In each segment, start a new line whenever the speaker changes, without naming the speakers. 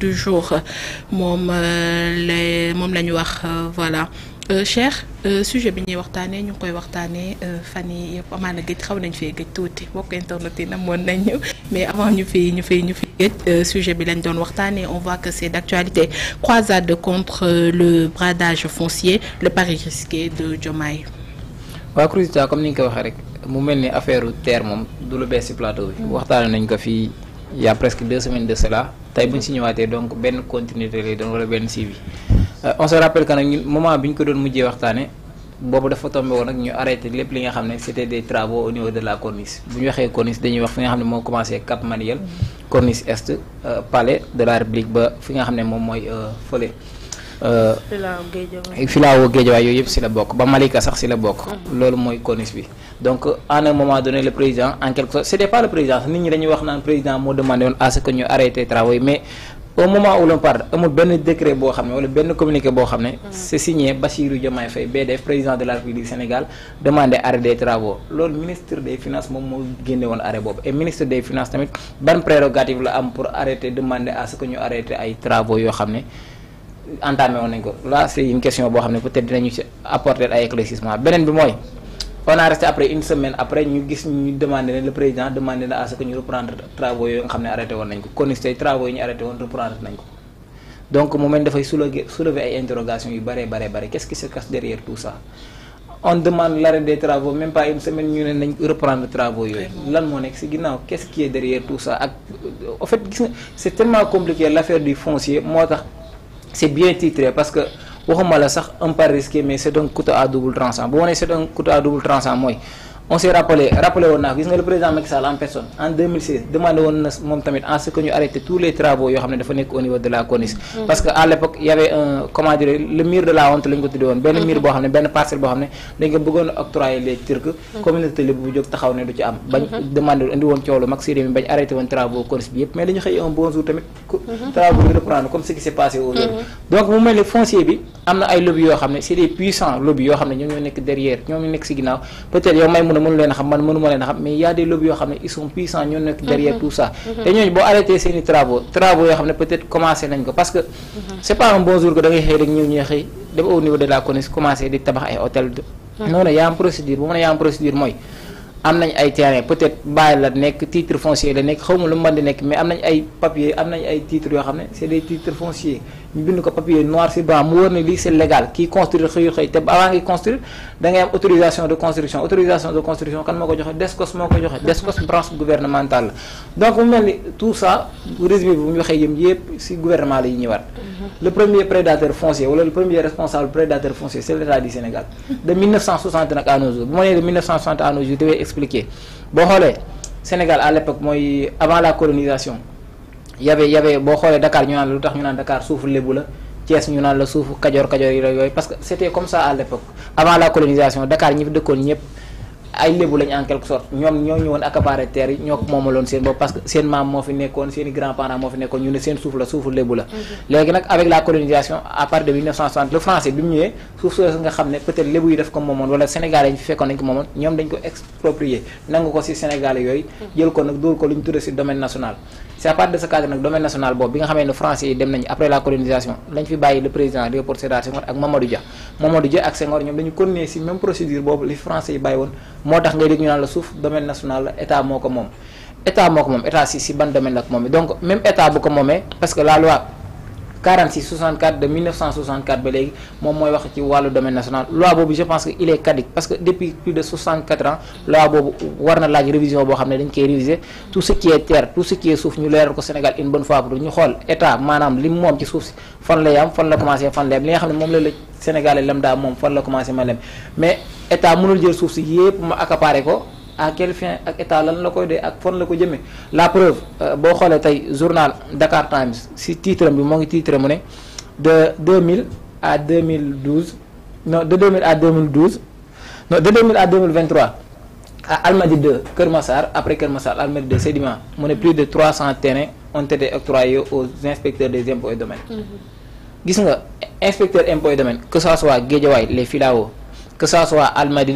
du jour moom euh, la moom la ñu wax euh, voilà euh, Cheikh sujet bi ñuy waxtaanee ñu ngi koy waxtaanee fan yi yëpp amaana géej xaw nañ fee géej tuuti bokk internet yi namoon nañu mais avant ñu fi ñu fi ñu fi géej sujet bi lañ doon waxtaanee on voit que c'est d'actualité croisade contre le bradage foncier le pari risqué de Diomaye.
waaw Cruzita comme ni nga ko waxee rek mu mel ni affaire terre moom du lu bees ci plateau bi waxtaanee nañ ko fii. il y a presque deux semaines de cela tey bu ñu si ñëwaatee donc benn continuité lay doon wala benn suivi euh, on se rappelle que moment bi ñu ko doon mujjee waxtaanee boobu dafa tombé woon nag ñu arrêté lépp li nga xam ne c'était des travaux au de la corniche bu ñu waxee corniche dañuy wax fi nga xam ne moo commencé Cap Manuel corniche est euh, palais de la République ba fi nga xam ne moom mooy euh, fële. Euh, filao géejawaay yooyu yëpp si la bokk ba Malika sax si la bokk loolu mooy corniche bi donc à un moment donné le président en quelque sorte c'était pas le président nit ñi dañuy wax naan président moo demandé woon à ce que ñu arrêté travaux yi mais au moment xam ne wala benn communiqué boo xam ne c'est signé Bassirou président de la République du Sénégal demandé arrêt des travaux loolu ministre des finance moom moo génne woon arrêt boobu et ministre des finances tamit ban prérogative la am pour arrêter demande à ce ñu arrêté ay yoo xam ne entamé woon nañ ko là c'est une question boo xam ne peut-être dinañu ci apporter ay éclaircissement beneen bi mooy on a resté après une semaine après ñu gis ñu demandé le président demandé na à ce que ñu reprendre travaux yooyu nga xam nañ ko kon tey travaux nañ ko donc mu mel dafay soulever soulever ay interrogations yu bëree bëree bëri qu'est-ce qui derrière tout ça on demande l'arrêt des travaux même pas une semaine ñu ne nañ reprendre travaux yooyu lan moo nekk ci c'est bien titre parce que waxuma la sax un pari risqué mais c'est un couteau à double tranchant bu ma nee c'est un couteau à double tranchant mooy on s'est rappelé woon naa ko gis nga le président Macky Sall en personne en 2016 woon na moom tamit en ce que ñu arrêté tous les travaux yoo xam ne dafa nekk au niveau de la CONIS mm. parce que à l'époque y avait comment dire le mur de la honte la ko tuddee woon benn mur mm-hmm. boo xam ne benn parcelle boo xam ne dañ ko bëggoon a les Turcs mm-hmm. communauté libre bu jóg taxaw ne du ci am bañ mm-hmm. demandé indi woon coow lu mag si bañ arrêté woon travaux ne mënu leen a xam man mënu a xam mais y a des yoo xam ne ils sont ñoo nekk derrière mhm. tout ça mhm. te ñooñu boo arrêté seen i travaux yoo xam ne peut-être commencé nañ ko parce que mhm. c'est pas un bon jour que xëy rek ñëw xëy dem au niveau de la CONIS commencé di tabax ay hôtel non non y procédure bu mën a procédure mooy am nañ ay terrain peut-être bàyyi la nekk titre foncier la nekk xaw ma lu mu di nekk mais am ñu bind ko papier noir ci blanc mu wóor ne lii c'est légal kii construire xëyul xëy te avant ngay construire da ngay am autorisation de construction autorisation de construction kan moo ko joxe DESCOS moo ko joxe DESCOS branche gouvernementale donc mu mel ni tout ça résumé bi bu waxee yëm yëpp ci gouvernement la yi ñëwaat mhm. le premier prédateur foncier wala le premier responsable prédateur foncier c'est l'État du Sénégal de 1960 nag à nos bu ma nee de 1960 à mooy avant la colonisation yabe yabe boo xoolee Dakar ñu naan la lu tax ñu naan Dakar suufu lébu la Thiès ñu naan la suufu kajoor kajoor yi la yooyu parce que c'était comme ça à l'époque avant la colonisation Dakar ñi fi dëkkoon ñëpp ay lébu lañ en quelque sorte ñoom ñoo ñëwoon accaparé terre yi ñoo ko moo fi nekkoon seen i grand parent moo fi nekkoon ñu ne seen suuf la suufu lébu la mhm. léegi nag avec la colonisation à partir de 1960 le français bi mu ñëwee suuf soo nga xam ko moomoon wala sénégalais yi fi fekkoon nañ ko moomoon ñoom dañ ko exproprié nangu ko si sénégalais yooyu mhm. jël ko nag dóor ko lu ñu tudde si domaine national c'est à de ce cadre nag domaine national boobu bi nga xamee ne français yi dem nañu après la colonisation lañ fi bàyyi le président Léopold Sédar Senghor ak Mamadou Dia Mamadou Dia ak Senghor ñoom dañu continuer ci même procédure boobu li français yi bàyyi woon moo tax ngay dégg naan la suuf domaine national état moo ko moom état moo ko moom état ci ci ban domaine la ko moomee donc même état bu ko moomee parce que la loi 46 64 de 1964 ba léegi moom mooy wax ci wàllu domaine national loi boobu je pense que il est caduc parce que depuis plus de 64 ans loi boobu war na laaj révision boo xam ne dañ koy réviser tout ce qui terre tout ce qui suuf ñu leeral ko Sénégal une bonne fois pour ñu xool état maanaam li moom ci suuf si fan la yam fan la commencé fan la yam li xam ne moom la la Sénégalais lambda moom fan la commencé ma lem mais état à quelle fin ak état lan la koy dee ak fon la ko jëmee la preuve euh, boo xoolee tey journal Dakar Times si titre bi moo ngi titre mu ne de 2000 à 2012 non de 2000 à 2012 non de 2000 à 2023 à Almadi 2 Kër Massar après Kër Massar Almadi 2 Sédiment mu ne plus de 300 terrains ont été octroyés aux inspecteurs des impôts et domaines. Mm-hmm. gis nga inspecteur impôts et domaines que ça soit Guédiawaye les filao que ça soit Almadi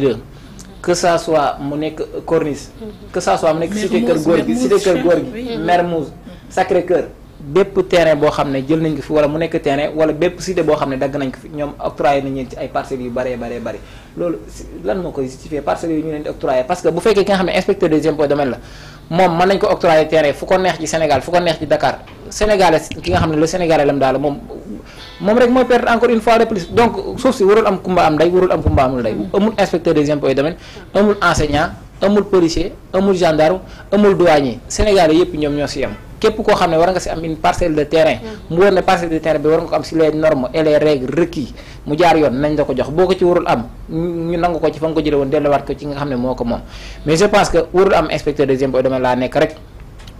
que ça soit mu nekk corniche. que ça soit mu nekk cité kër góor gi kër góor gi Sacré Cœur bépp terrain boo xam ne jël nañ ko fi wala mu nekk terrain wala bépp cité boo xam ne dagg nañ ko fi ñoom octroyé nañ leen ay parcelles yu bëree bëree bëri loolu lan moo koy justifié parcelles yooyu ñu leen di octroyé parce que bu fekkee ki nga xam ne inspecteur des impôts domaine la moom mën nañ ko octroyé terrain fu ko neex ci Sénégal fu ko neex ci Dakar sénégalais ki nga xam ne le sénégalais daal moom moom rek mooy perdre encore une fois de plus donc suuf si warul am kumba am ndey warul am kumba amul ndey mm-hmm. amul inspecteur des impôts et domaines amul enseignant amul policier amul gendarme amul douanier sénégalais yëpp ñoom ñoo si am képp koo xam ne war nga si am une parcelle de terrain mm-hmm. mu war ne parcelle de terrain bi war nga ko am si les normes et les règles mu jaar yoon nañ la ko jox boo ko ci warul am ñu nangu ko ci fa nga ko jële woon delluwaat ko ci xam ne moo ko moom mais je que warul am inspecteur des impôts et domaines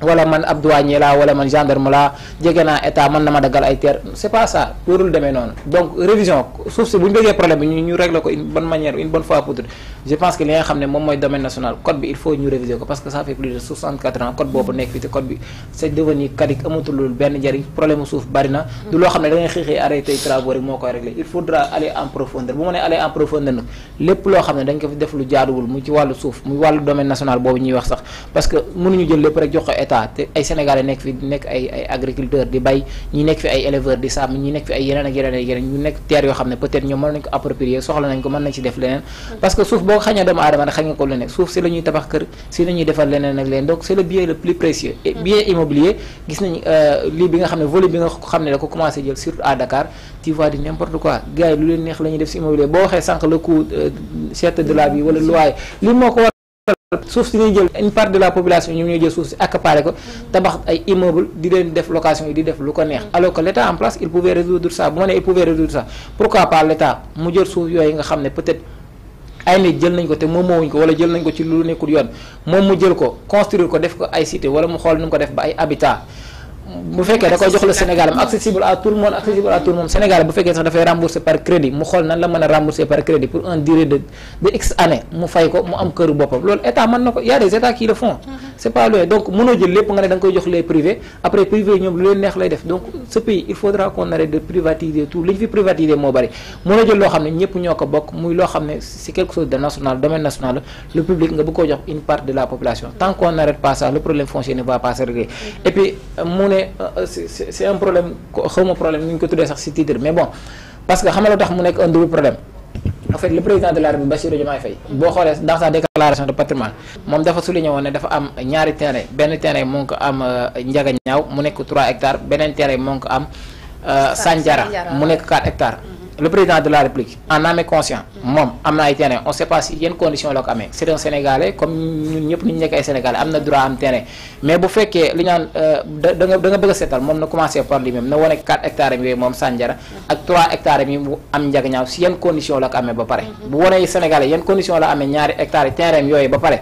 wala man ab douanier la wala man gendarme la jege naa état man na ma daggal ay terre c'est pas ça warul demee noonu donc révision suuf si bu ñu bëggee problème bi ñu ñu régler ko une bonne manière une bonne fois pour je pense que li nga xam ne moom mooy domaine national code bi il faut ñu réviser ko parce que ça fait plus de 64 ans code boobu nekk fi te code bi c'est devenu caduc amatul benn njariñ problème suuf bari na du loo xam ne da ngay xëy xëy arrêté travaux rek moo koy réglé il faudra aller en bu ma nee aller en profondeur lépp loo xam ne dañ ko def lu jaaduwul mu ci wàllu suuf mu wàllu domaine national boobu ñuy wax sax parce que boo xañee doomu aadama nag xañ ko lu nekk suuf si la tabax kër si la defar leneen ak leen donc c' est le bien plus précieux et mm. bien gis nañ euh, bi nga xam ne volet bi nga xam ne Dakar euh, mm. ko mm. tabax ay immeuble di leen def location yi di def lu ko neex alors que l' en place il pouvait résoudre ça bu ma ne il pouvait résoudre ça pourquoi pas l' état mu jël suuf yooyu nga xam ne peut ay nit jël nañ ko te moom wuñ ko wala jël nañ ko ci lu nekkul yoon moom mu jël ko construire ko def ko ay cité wala mu xool nu ko def ba ay habitat bu fekkee da koy jox la Sénégal am accessible à tout le monde accessible à tout le monde Sénégal bu fekkee sax dafay rembourser par crédit mu xool nan la mën a rembourser par crédit pour un durée de de x année mu fay ko mu am këru boppam loolu état mën na ko y a des états qui le font. Mhm. c' est pas loin donc mënoo jël lépp nga ne da nga koy jox les privés après privé ñoom lu leen neex lay def donc ce pays il faudra qu'on arrête de privatiser tout li ñu fi privatiser moo bëri mënoo jël loo xam ne ñëpp ñoo ko bokk muy loo xam ne c' est quelque chose de national domaine national le public nga bëgg koo jox une part de la population tant qu'on n'arrête pas ça le problème foncier ne va pas se régler et puis euh, ne euh, euh, c'est c'est un problème xawma problème ni ñu ko tuddee sax ci titre mais bon parce que xam tax mu nekk un double problème en fait le président de la République Bassirou Diomaye Faye boo xoolee dans sa déclaration de patrimoine moom dafa souligné woon ne dafa am ñaari terrain benn terrain moo ngi ko am euh, Ndiaga Ñaaw mu nekk 3 hectares beneen terrain moo ngi ko am Sandiara mu nekk 4 hectares mm-hmm. le président de la République en âme et conscience moom am na ay terrain on sait pas si condition la ko amee c'est un comme ñun ñëpp ñu nekk ay sénégalais am na droit am terrain mais bu fekkee li ñaan naan euh, da bëgg a seetal moom na commencé par lui même na wane 4 hectares yooyu moom Sandiara ak 3 hectares yi mu am njagañaaw si yenn condition la ko amee ba pare mm-hmm. bu wane sénégalais yenn condition la amee ñaari hectares terrain yooyu ba pare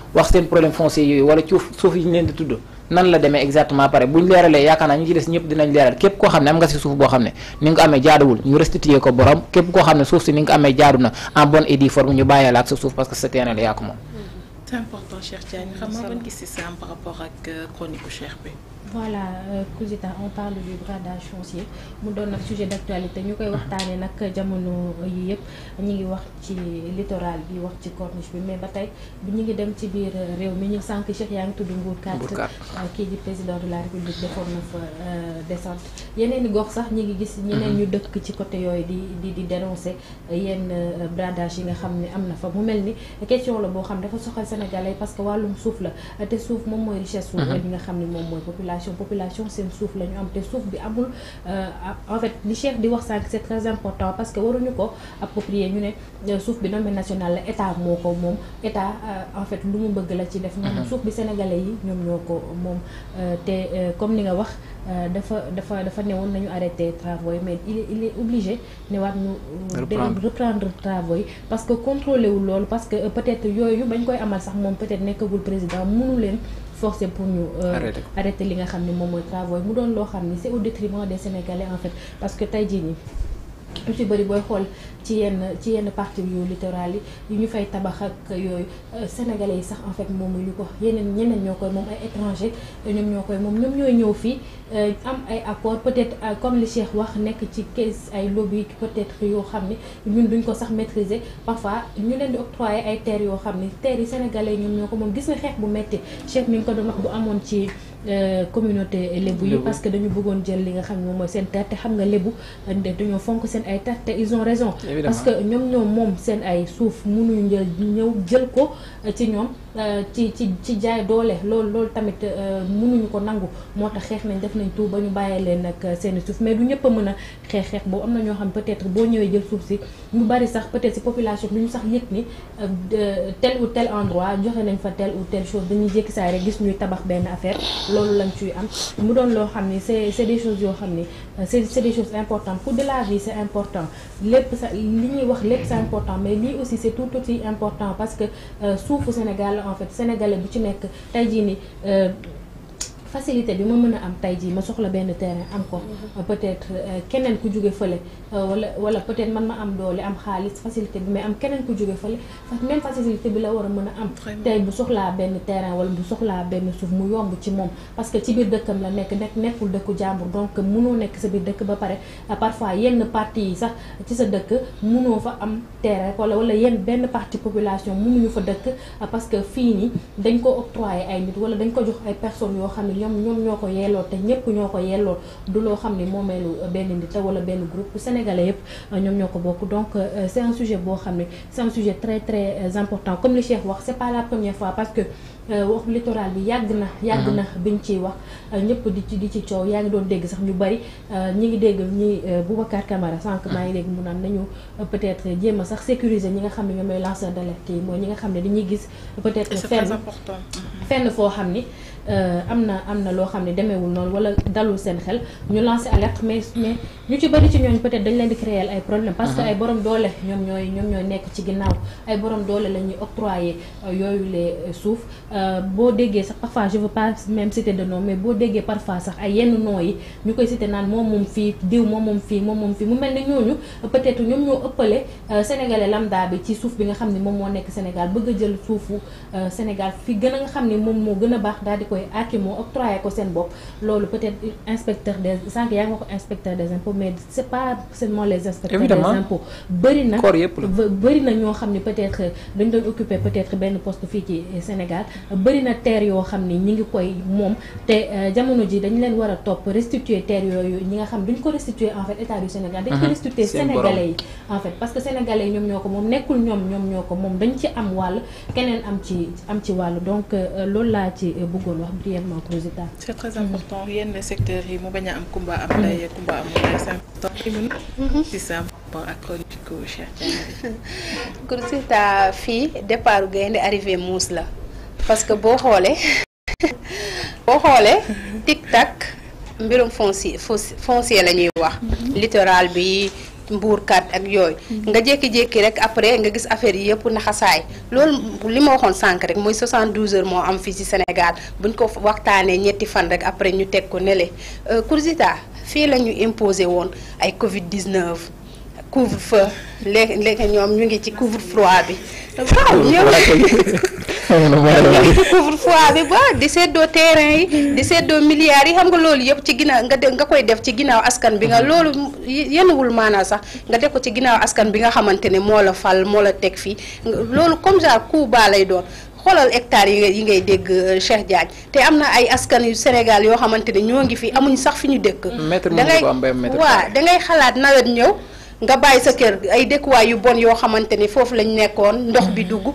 wax seen problème foncier yooyu wala ci suuf yi ñu leen di tudd nan la demee exactement pare bu leeralee yaakaar naa ñi des ñëpp dinañ leeral képp koo xam ne am nga si suuf boo xam ne ni nga amee jaaduwul ñu restituer ko borom képp koo xam ne suuf si ni nga amee jaadu na en bonne et due ñu bàyyee la ak sa suuf parce que sa la
yaa ko moom.
voilà euh, Kouzita on parle du bradage foncier mu doon nag sujet d'actualité ñu koy waxtaanee nag jamono yi yëpp ñu ngi wax ci littoral bi wax ci corniche bi mais ba tey ñu ngi dem ci biir euh, réew mi ñu sànq Cheikh yaa ngi tudd Mbour 4 euh, kii di président de la République defoon na fa descente yeneen i gox sax ñu ngi gis ñeneen ñu mhm. dëkk ci côté yooyu di di di dénoncer yenn bradage yi nga xam ni am na fa mu mel ni question la boo xam dafa soxal sénégalais parce que wàllum suuf la te suuf moom mooy richesse suuf li mhm. xam ne moom population population seen suuf la ñu am te suuf bi amul euh, en fait li Cheikh di wax sànq c'est très important parce que waruñu ko approprier ñu ne euh, suuf bi domaine national la état moo ko moom état euh, en fait lu mu bëgg la ci def ñoom mhm. suuf bi sénégalais yi ñoom ñoo ko moom te comme ni nga wax dafa dafa dafa ne woon nañu arrêté travaux yi mais il est il est obligé ne waat ñu reprendre travaux yi parce que contrôlé wu loolu parce que peut-être yooyu bañ koy amal sax moom peut-être nekkagul président mënu forcé pour ñu euh, arrêté li nga xam ne moom mooy travaux mu doon loo xam ne c'est au détriment des Sénégalais en parce que tey jii nii lu ci bëri booy xool ci yenn ci yenn partie yu littoral yi ñu fay tabax ak yooyu euh, sénégalais yi sax en fait moomuñu ko yeneen ñeneen ñoo koy moom ay étranger ñoom ñoo koy moom ñoom ñooy ñëw fii euh, am ay accord peut-être euh, comme li Cheikh wax nekk ci case ay lobby peut yoo xam ni ñun duñ ko sax maîtriser parfois ñu leen di octroyer ay terres yoo xam ne terres yi sénégalais ñoom ñoo ko moom gis nga xeex bu metti Cheikh mi ngi ko doon wax bu amoon ci. Euh, communauté lébu yi parce que dañu bëggoon jël li nga xam ne mooy seen terre te xam nga lébu dañoo fonk seen ay terre te ils ont raison parce que ñoom ñoom moom seen ay suuf mënuñu ñëw jël ko ci ñoom Euh, ci ci ci jaay doole loolu loolu tamit euh, mënuñu ko nangu moo tax xeex nañ def nañ tout ba ñu bàyyee leen nag euh, seen suuf mais du ñëpp a mën a xeex xeex boobu am na ñoo xam peut-être boo ñëwee jël suuf si ñu bari sax peut-être si population bi ñu sax yëg ni tel ou tel endroit joxe nañ fa tel ou tel chose dañuy jékki saa rek gis ñuy tabax benn affaire loolu lañ ciy am mu doon loo xam ni c'est c'est des yoo xam ni Euh, c'est c'est des choses importantes pour de la vie c'est important lépp sa li ñuy wax lépp c'est important mais lii aussi c'est tout aussi important parce que euh, suufu Sénégal en fait sénégalais bu ci nekk tey jii nii. Euh, facilité bi ma mën a am tey ji ma soxla benn terrain am ko mhm. peut-être euh, keneen ku jóge fële euh, wala wala peut-être man ma am doole am xaalis facilité bi may am keneen ku jóge fële même facilité bi la war a mën a am tey bu soxlaa benn terrain wala bu soxlaa benn suuf mu yomb ci moom parce que ci biir dëkkam la nekk nekk nekkul dëkku jàmbur donc mënoo nekk sa biir dëkk ba pare euh, parfois yenn parti yi sax ci sa dëkk mënoo fa am terrain wala wala yenn benn partie population mënuñu fa dëkk parce que fii nii dañ ko octroyé ay nit wala dañ ko jox ay personnes yoo xam ñoom ñoom ñoo ko yellool te ñëpp ñoo ko yellool du loo xam ni moomeelu benn nit wala benn groupe sénégalais yëpp euh, ñoom ñoo ko bokk donc euh, c'est boo xam ne c'est un très très euh, important comme li Cheikh wax c'est pas la première fois parce que wax littoral bi yàgg na yàgg mhm. na biñ ciy wax ñëpp di ci ci coow yaa ngi doon dégg sax ñu bari ñi ngi dégg ñi Boubacar Camara sànq maa ngi dégg mu naan nañu peut-être jéem a sax sécuriser ñi nga xam ne ñoom mooy lanceur d'alerte yi mooy ñi nga xam ne dañuy gis peut-être fenn fenn foo xam ni Euh, am na am na loo xam ne demeewul noonu wala dalul seen xel ñu lancé alerte mais mais ñu ci bëri ci ñooñ peut-être dañ leen di créer ay problème parce que mhm. ay borom doole ñoom ñooy nekk ci ginnaaw ay borom doole la ñuy euh, yooyu les euh, suuf boo déggee sax parfois je veux pas même de nom mais boo déggee parfois sax ay yenn noo yi ñu koy citer naan moom moom fii diw moom moom fii moom moom fii mu mel ni ñooñu peut-être ñoom ñoo ëppale sénégalais lambda bi ci suuf bi nga xam ne moom moo nekk Sénégal bëgg a jël suufu Sénégal fi gën a xam ne moom moo gën baax daal koy akimoo octroyé ko seen bopp loolu peut-être inspecteur des sànq yaa ngi wax inspecteur des impôts mais c'est pas seulement les inspecteurs des impôts bëri ñoo xam ne peut-être dañ doon occuper peut-être benn poste fii ci Sénégal bëri na yoo xam ne ñi ngi koy moom te euh, jamono ji dañ leen war a topp restituer terre yooyu ñi nga xam duñ ko restituer en fait état du Sénégal dañ ko mhm. restituer sénégalais yi en fait parce que sénégalais yi ñoom ñoo ko moom nekkul wax brièvement Rosita.
c' est très important yenn a am kumba am mm-hmm. ndey kumba am ndey c' est important mm-hmm. si sa rapport
ak fii départ gaynde arrivé muus la parce que boo xoolee boo xoolee tic tac mbirum foncier foncier la ñuy wax mm-hmm. littoral bi. mbuurkat ak yooyu mm-hmm. nga jékki-jékki rek après nga gis affaire yi yëpp naxasaay lool li ma waxoon sànq rek mooy 72 heures moo am fii ci Sénégal buñ ko waxtaanee ñetti fan rek après ñu teg ko nele euh, Kourzita fii la ñu imposé woon ay Covid 19 couvre feu léegi léegi ñoom ñu ngi ci couvre froid bi waaw ñoom ñu ngi ci couvre froid bi ba di seddoo terrain yi di seddoo milliards yi xam nga loolu yëpp ci ginnaaw nga nga koy def ci ginnaaw askan bi nga mhm. loolu yenuwul maanaa sax nga def ko ci ginnaaw askan bi nga xamante ne moo la fal moo la teg fii loolu comme genre coup baa lay doon xoolal hectares yi yi ngay dégg euh, Cheikh Diagne te am na ay askan yu Sénégal yoo xamante ne ñoo ngi fi amuñ sax fi ñu dëkk da ngay waa da ngay xalaat nawet ñëw nga bàyyi sa kër ay dëkkuwaay yu bon yoo xamante ni foofu lañ nekkoon ndox bi mm-hmm. dugg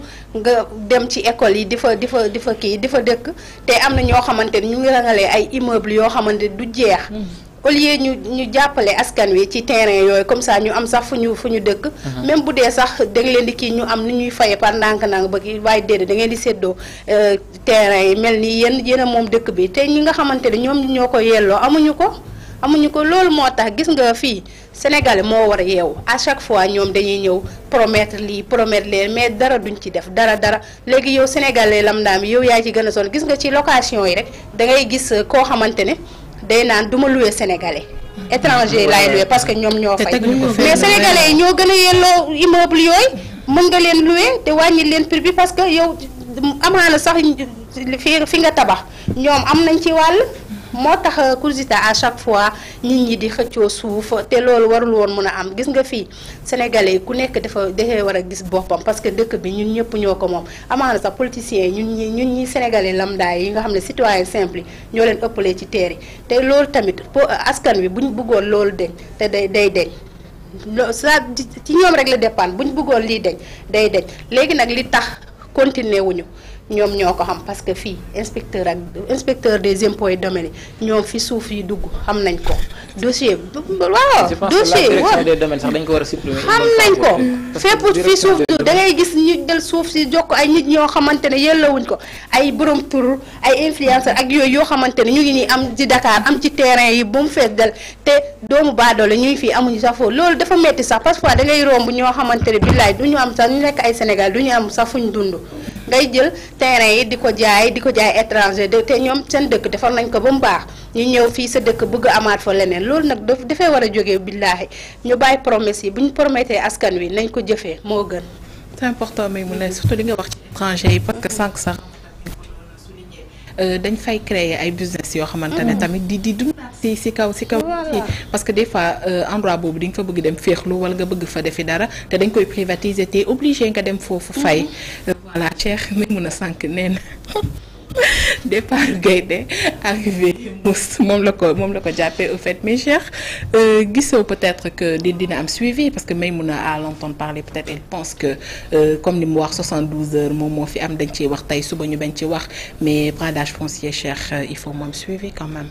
nga dem ci école yi di fa di fa kii di dëkk te am na ñoo xamante ni ñu ngi rangalee ay immeuble yoo xamante du jeex mm-hmm. au lieu ñu ñu jàppale askan wi ci terrain yooyu comme ça ñu am sax fu ñu fu ñu dëkk mm-hmm. même bu dee sax da leen di kii ñu am ni ñuy faye par ndànk-ndànk ba kii waaye déedéet da ngeen di séddoo euh, terrain yi mel nii yenn yéen moom dëkk bi te ñi nga xamante ne ñoom ñoo ko yelloo amuñu ko amuñu ko loolu moo tax gis nga fii Sénégal moo war a yeewu à chaque fois ñoom dañuy ñëw promettre lii promettre leen mais dara duñ ci def dara dara léegi yow sénégalais lam daam yow yaa ci gën a sonn gis nga ci location yi rek da ngay gis koo xamante ne day naan du ma loué sénégalais. Mm-hmm. étranger laay loué parce que ñoom ñoo fay. mais sénégalais yi ñoo gën a yelloo immeuble yooyu mën nga leen loué te wàññi leen prix bi parce que yow amaana sax fi fi nga tabax ñoom am nañ ci wàll. moo tax euh, Koursita à chaque fois nit ñi di xëccoo suuf te loolu warul woon mën a am gis nga fii sénégalais yi ku nekk dafa defee war a gis boppam parce que dëkk bi ñun ñëpp ñoo ko moom amaana sax politiciens yi ñun ñi ñun ñi sénégalais lambda yi nga xam ne citoyen simple ñoo leen ëppalee ci teer yi te loolu tamit po euh, askan wi bu ñu bëggoon loolu deñ te day day deñ loo ci ñoom rek la dépendre bu ñu bëggoon lii deñ day deñ léegi nag li tax continuer wuñu ñoom ñoo ko xam parce que fii inspecteur ak inspecteur des impôts et domaines ñoom fi suuf yi dugg xam nañ ko dossier waaw dossier waaw
xam nañ ko fépp fi suuf
du gis ñu del suuf si jokk ay nit ñoo xamante ne yellawuñ ko ay borom tur ay influenceur ak yooyu yoo xamante ne ñu ngi nii am ci Dakar am ci terrain yi bu mu fees del te doomu baadoole ñuy fii amuñu sax loolu dafa metti sax parfois da ngay romb ñoo xamante ne billaay du ñu am sax ñu nekk ay Sénégal du am sax fuñ dund ngay jël terrain yi di ko jaay di ko jaay étranger te ñoom seen dëkk defar nañ ko ba mu baax ñu ñëw fii sa dëkk bëgg amaat fa leneen loolu nag daf dafay war a jóge billaahi ñu bàyyi promesse
yi bu ñu prometté askan wi nañ ko jëfee moo gën. c'est important mais mu ne surtout li nga wax ci étranger yi parce que sànq sax. Euh, dañ fay créer ay business yoo xamante ne mm. tamit di di dund si si kaw si kaw parce que des fois euh, endroit boobu di nga fa bëgg dem féexlu wala nga bëgg fa defi dara te dañ koy privatiser te obligé nga dem foofu fay mm-hmm. euh, la Cheikh Maimouna Sànq nee na départ gaynde arrivé mousse moom la ko moom la ko jàppee au fait mais Cheikh euh, gisoo peut-être que di dina am suivi parce que Maimouna à l'entendre parler peut-être elle pense que euh, comme ni mu wax 72 heures moom moo fi am dañ ciy wax tey suba ñu bañ ci wax mais bradage foncier Cheikh euh, il faut moom suivi quand même.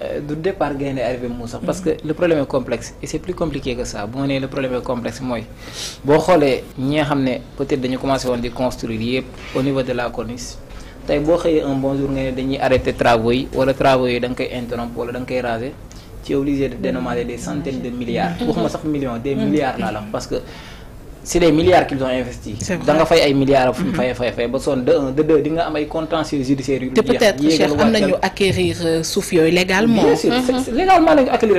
Euh, du départ gaynde arrivé mu sax mm-hmm. parce que le problème est complexe et c'est plus compliqué que ça bu nee le problème est complexe mooy boo xoolee ñi xam ne peut-être dañu commencé woon di construire yëpp au niveau de la corniche tey boo xëyee un bon jour nga ne dañuy arrêté travaux yi wala travaux yi da nga koy interrompre wala da nga ci obligé de dénommer des centaines de milliards mm-hmm. waxuma sax millions des mm-hmm. milliards laa la parce que c'est des milliards qu'ils ont investis. da nga fay ay milliards. fu mu mm-hmm. fay fay ba sonn de un de deux am ay contentieux judiciaires yu. te peut-être Cheikh am nañu
acquérir euh, suuf mm-hmm.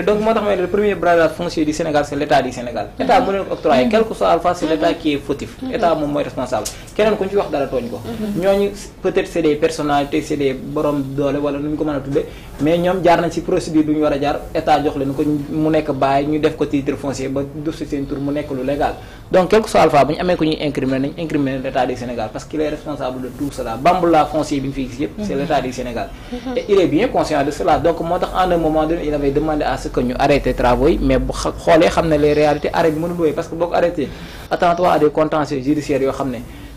donc moo tax may le premier bradage foncier du Sénégal c'est l'état du Sénégal. Mm-hmm. état mu leen octroyé quel que soit alpha c'est l'état qui est fautif. état moom mooy responsable. keneen ku ñu ci wax dara tooñ ko mhm. ñooñu peut-être c'est des personnalités c'est des borom doole wala nu ñu ko mën a tudde mais ñoom jaar nañ ci procédure bi war a jaar état jox leen ko mu nekk bàyyi ñu def ko titre foncier ba def seen tur mu nekk lu légal donc quel que soit alpha bu ñu amee ko ñuy incriminer nañ incriminer l'état du Sénégal parce qu'il est responsable de tout cela bamboula foncier bi ñu fi gis yëpp c'est mhm. l'état du Sénégal mhm. il est bien conscient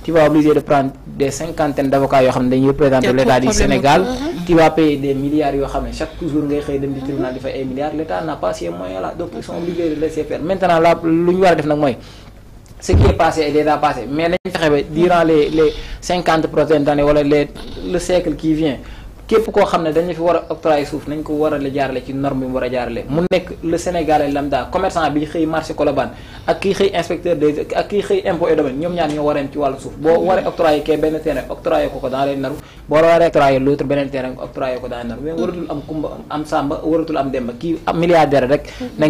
tu vas obligé de prendre des cinquantaines d'avocats yoo xam ne dañuy représenter l'état du Sénégal mm-hmm. tu vas payer des milliards yoo xam ne chaque jour ngay xëy dem di tribunal di fay ay l'état n'a pas ces moyens là donc ils sont obligés de la lu ñu qui est mais nañ fexe ba durant les les cinquante prochaines années wala le siècle qui vient képp koo xam ne dañu fi war a octroyer suuf nañ ko war a ci norme bi mu war a mu nekk le sénégalais lambda commerçant bi xëy marché Colobane ak kii xëy inspecteur des ak kii xëy impôt et domaine ñoom ñaar ñoo war a ci wàllu ko ko naru boo waree octroyer l'autre beneen terrain octroyer ko dans naru mais waratul am kumba am samba waratul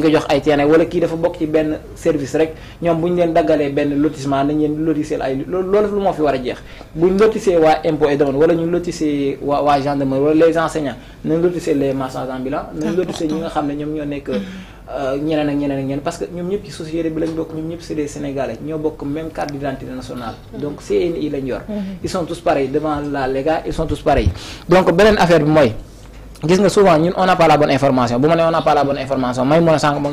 ko jox ay terrain wala kii dafa bokk ci benn service rek ñoom bu ñu leen mooy wala les enseignants nañ lotissé les marchands ambulants nañ lotissé ñi nga xam ne ñoom ñoo nekk euh, ñeneen ak ñeneen ak ñeneen parce que ñoom ñëpp société bi lañ bokk ñoom ñëpp c'est des sénégalais ñoo bokk même carte d'identité nationale mhm. donc CNI lañ yor mhm. ils sont tous pareils devant la Lega ils sont tous pareils donc beneen affaire bi mooy gis nga souvent ñun on n'a pas la bonne bu ma ne on n'a pas la bonne may mën a sànq ma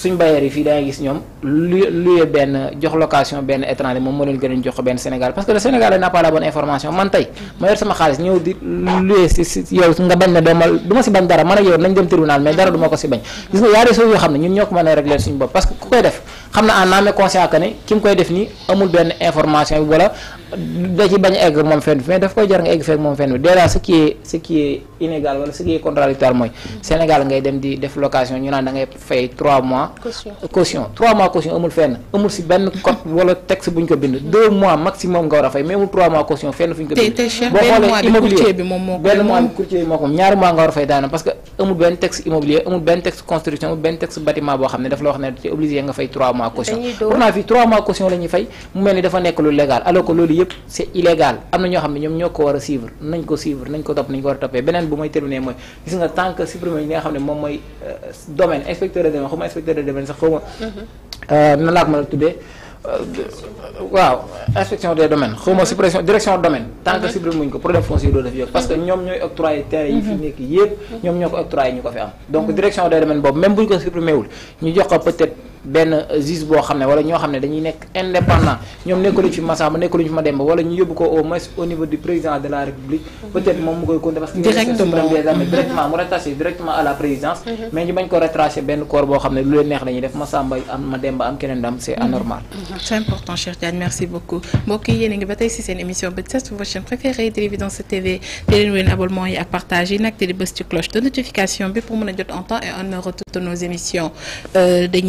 suñ bailleurs yi fii dangay gis ñoom lu luye benn jox location benn étranger moom moo leen gën a jox ko benn Sénégal parce que le Sénégalais n'a pas la bonne information man tey ma yor sama xaalis ñëw di luye si si yow nga bañ ne doomal du si bañ dara man ak yow nañ dem tribunal mais dara du ko si bañ gis nga yaa des choses yoo xam ne ñun ñoo ko mën a régler suñu bopp parce que ku koy def xam na en âme et conscience ne ki mu koy def nii amul benn information da ci bañ koy jar nga egg fekk moom fenn bi déjà ce qui inégal wala ce contradictoire mooy mm. Sénégal ngay dem di def location ñu naan da ngay fay mois. caution 3 mois caution boo xam ne daf mu mel ni dafa nekk lu légal alors que loolu yëpp c'est illégal am na ñoo xam ne ñoom ñoo ko war a suivre nañ ko suivre nañ ko topp nañ ko war a toppee beneen bu may terminer mooy gis nga tant que supprimer li xam ne moom mooy euh, domaine inspecteur de domaine xaw ma inspecteur de domaine sax xaw ma
mm-hmm.
euh, nan laa ko euh, mm-hmm. mm-hmm. problème foncier doo def yokk parce que ñoom ñooy octroyer terrain yi fi nekk yëpp ñoom ñoo ko octroyer ñu ko fi am donc direction des domaines boobu même buñ ko supprimer ñu jox ko peut benn juge boo xam ne wala ñoo xam ne dañuy nekk indépendant ñoom nekkaluñ fi Massamba nekkaluñ fi Mademba wala ñu yóbbu ko au moins au niveau du président de la République peut-être moom mu koy compté directement mu rattaché directement à la présidence mm-hmm. mais ñu bañ ko retracer benn corps boo xam ne lu leen neex dañuy def Massamba am Mademba am keneen dam c'est mm-hmm. anormal
mm-hmm. c'est important Cheikh Diagne merci beaucoup mbokk yi ngi ba tey ci